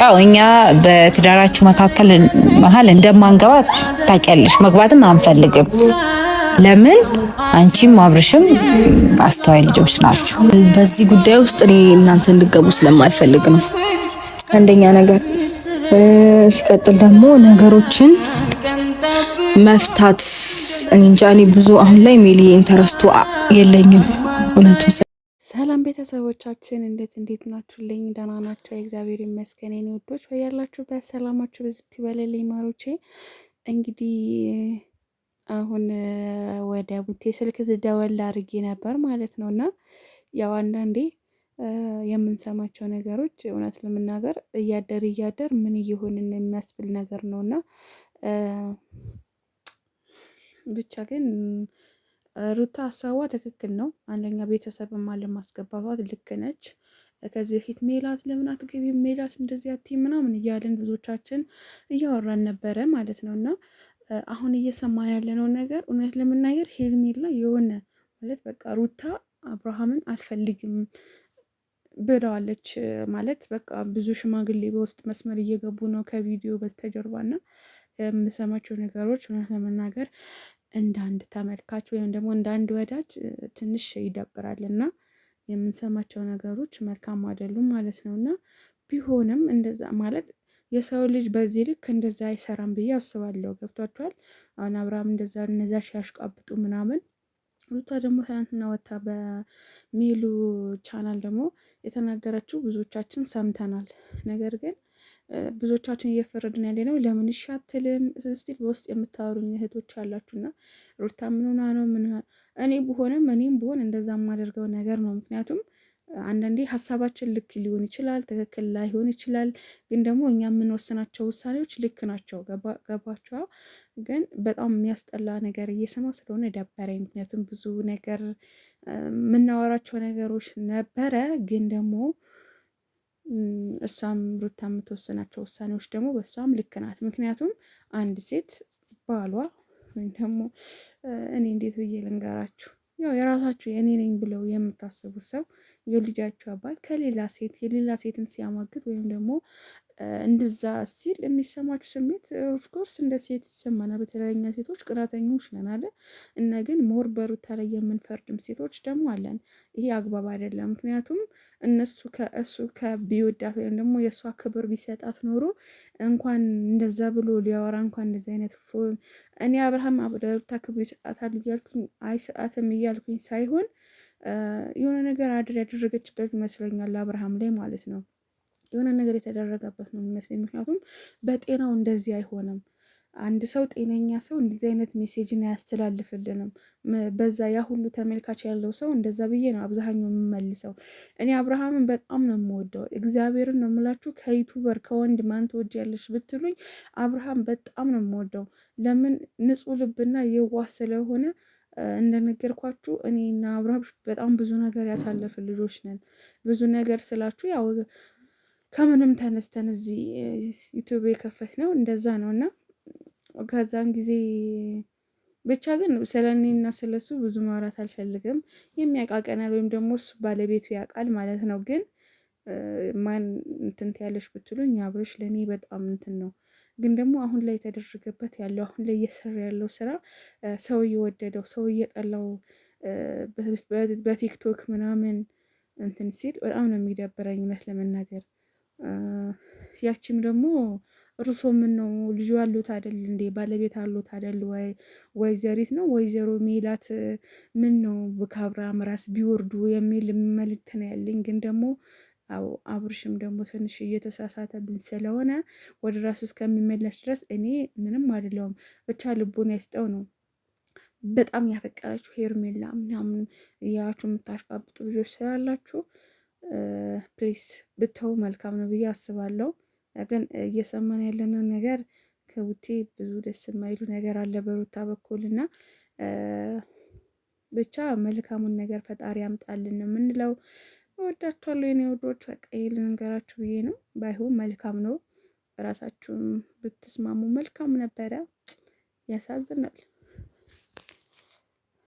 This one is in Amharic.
ያው እኛ በትዳራችሁ መካከል መሀል እንደማንገባ ታውቂያለሽ። መግባትም አንፈልግም። ለምን አንቺም አብርሽም አስተዋይ ልጆች ናችሁ። በዚህ ጉዳይ ውስጥ እኔ እናንተ እንድገቡ ስለማልፈልግ ነው አንደኛ ነገር። ሲቀጥል ደግሞ ነገሮችን መፍታት እንጃ እኔ ብዙ አሁን ላይ ሜሊ ኢንተረስቱ የለኝም እውነቱ ቤተሰቦቻችን እንዴት እንዴት ናችሁልኝ? ደህና ናቸው። የእግዚአብሔር ይመስገን። የኔ ውዶች በያላችሁበት ሰላማችሁ በዝት ይበልልኝ። ማሮቼ እንግዲህ አሁን ወደ ቡቴ ስልክ ዝደወል አድርጌ ነበር ማለት ነው እና ያው አንዳንዴ የምንሰማቸው ነገሮች እውነት ለመናገር እያደር እያደር ምን እየሆንን የሚያስብል ነገር ነው እና ብቻ ግን ሩታ ሀሳቧ ትክክል ነው። አንደኛ ቤተሰብ ማለ ማስገባቷት ልክ ነች። ከዚህ በፊት ሜላት ለምን አትገቢ ሜላት እንደዚህ አትይ ምናምን እያለን ብዙዎቻችን እያወራን ነበረ ማለት ነው። እና አሁን እየሰማ ያለነው ነገር እውነት ለመናገር ሄልሚላ የሆነ ማለት በቃ ሩታ አብርሃምን አልፈልግም ብለዋለች ማለት በቃ ብዙ ሽማግሌ በውስጥ መስመር እየገቡ ነው ከቪዲዮ በስተጀርባ የምሰማቸው ነገሮች እውነት ለመናገር እንደ አንድ ተመልካች ወይም ደግሞ እንደ አንድ ወዳጅ ትንሽ ይደብራል እና የምንሰማቸው ነገሮች መልካም አይደሉም ማለት ነው እና ቢሆንም እንደዛ ማለት የሰው ልጅ በዚህ ልክ እንደዛ አይሰራም ብዬ አስባለሁ። ገብቷችኋል? አሁን አብርሃም እንደዛ እነዛ ሲያሽቃብጡ ምናምን ሩታ ደግሞ ትናንትና ወታ በሚሉ ቻናል ደግሞ የተናገረችው ብዙዎቻችን ሰምተናል። ነገር ግን ብዙዎቻችን እየፈረድን ያለ ነው። ለምን ሻትልም ስቲል በውስጥ የምታወሩኝ እህቶች አላችሁና ሩታ ምንሆና ነው ምን እኔ ብሆንም እኔም ብሆን እንደዛ የማደርገው ነገር ነው። ምክንያቱም አንዳንዴ ሀሳባችን ልክ ሊሆን ይችላል፣ ትክክል ላይሆን ይችላል። ግን ደግሞ እኛ የምንወስናቸው ውሳኔዎች ልክ ናቸው። ገባችኋ? ግን በጣም የሚያስጠላ ነገር እየሰማሁ ስለሆነ ደበረኝ። ምክንያቱም ብዙ ነገር የምናወራቸው ነገሮች ነበረ ግን ደግሞ እሷም ሩታ የምትወስናቸው ውሳኔዎች ደግሞ በእሷም ልክ ናት። ምክንያቱም አንድ ሴት ባሏ ወይም ደግሞ እኔ እንዴት ብዬ ልንገራችሁ ያው የራሳችሁ የእኔ ነኝ ብለው የምታስቡት ሰው የልጃችሁ አባት ከሌላ ሴት የሌላ ሴትን ሲያማግጥ ወይም ደግሞ እንድዛ ሲል የሚሰማችሁ ስሜት ኦፍኮርስ እንደ ሴት ይሰማናል። በተለያኛ ሴቶች ቅናተኞች ነን አለ እና ግን ሞር በሩታ ላይ የምንፈርድም ሴቶች ደግሞ አለን። ይሄ አግባብ አይደለም። ምክንያቱም እነሱ ከእሱ ከቢወዳት ወይም ደግሞ የእሷ ክብር ቢሰጣት ኖሮ እንኳን እንደዛ ብሎ ሊያወራ እንኳን እንደዚህ አይነት እኔ አብርሃም ለሩታ ክብር ይሰጣታል እያልኩኝ አይሰጣትም እያልኩኝ ሳይሆን የሆነ ነገር አድር ያደረገችበት ይመስለኛል አብርሃም ላይ ማለት ነው። የሆነ ነገር የተደረገበት ነው የሚመስለኝ። ምክንያቱም በጤናው እንደዚህ አይሆንም። አንድ ሰው ጤነኛ ሰው እንደዚህ አይነት ሜሴጅን አያስተላልፍልንም። በዛ ያ ሁሉ ተመልካች ያለው ሰው እንደዛ ብዬ ነው አብዛኛው የምመልሰው። እኔ አብርሃምን በጣም ነው የምወደው፣ እግዚአብሔርን ነው የምላችሁ። ከዩቱበር ከወንድ ማን ትወጃለሽ ብትሉኝ አብርሃም በጣም ነው የምወደው። ለምን ንጹህ ልብና የዋህ ስለሆነ እንደነገርኳችሁ እኔና አብርሃም በጣም ብዙ ነገር ያሳለፍን ልጆች ነን። ብዙ ነገር ስላችሁ ያው ከምንም ተነስተን እዚህ ዩቱብ የከፈት ነው እንደዛ ነው። እና ከዛን ጊዜ ብቻ ግን ስለ እኔና ስለ እሱ ብዙ ማውራት አልፈልግም። የሚያቃቀናል ወይም ደግሞ እሱ ባለቤቱ ያውቃል ማለት ነው። ግን ማን እንትንት ያለሽ ብትሉኝ አብርሽ ለእኔ በጣም እንትን ነው። ግን ደግሞ አሁን ላይ የተደረገበት ያለው አሁን ላይ እየሰራ ያለው ስራ ሰው እየወደደው ሰው እየጠላው በቲክቶክ ምናምን እንትን ሲል በጣም ነው የሚደብረኝ ይመስል ለመናገር ያቺም ደግሞ እርሶ ነው ልጁ አሉት አደል እንዴ ባለቤት አሉት አደል? ወይ ወይዘሪት ነው ወይዘሮ ሚላት ምን ነው ከአብርሃም ራስ ቢወርዱ የሚል መልእክት ነው ያለኝ። ግን ደግሞ አብርሽም ደግሞ ትንሽ እየተሳሳተብን ስለሆነ ወደ ራሱ እስከሚመለስ ድረስ እኔ ምንም አይደለውም፣ ብቻ ልቡን ያስጠው ነው። በጣም ያፈቀረችው ሄርሜላ ምናምን ያችሁ የምታሽቃብጡ ልጆች ስላላችሁ ፕሊስ ብተው መልካም ነው ብዬ አስባለሁ። ግን እየሰማን ያለነው ነገር ከውቴ ብዙ ደስ የማይሉ ነገር አለ በሩታ በኩል እና ብቻ መልካሙን ነገር ፈጣሪ ያምጣልን ነው የምንለው። እወዳችኋለሁ የኔ ውዶች፣ በቃ ልንገራችሁ ብዬ ነው። ባይሆን መልካም ነው ራሳችሁን ብትስማሙ መልካም ነበረ። ያሳዝናል።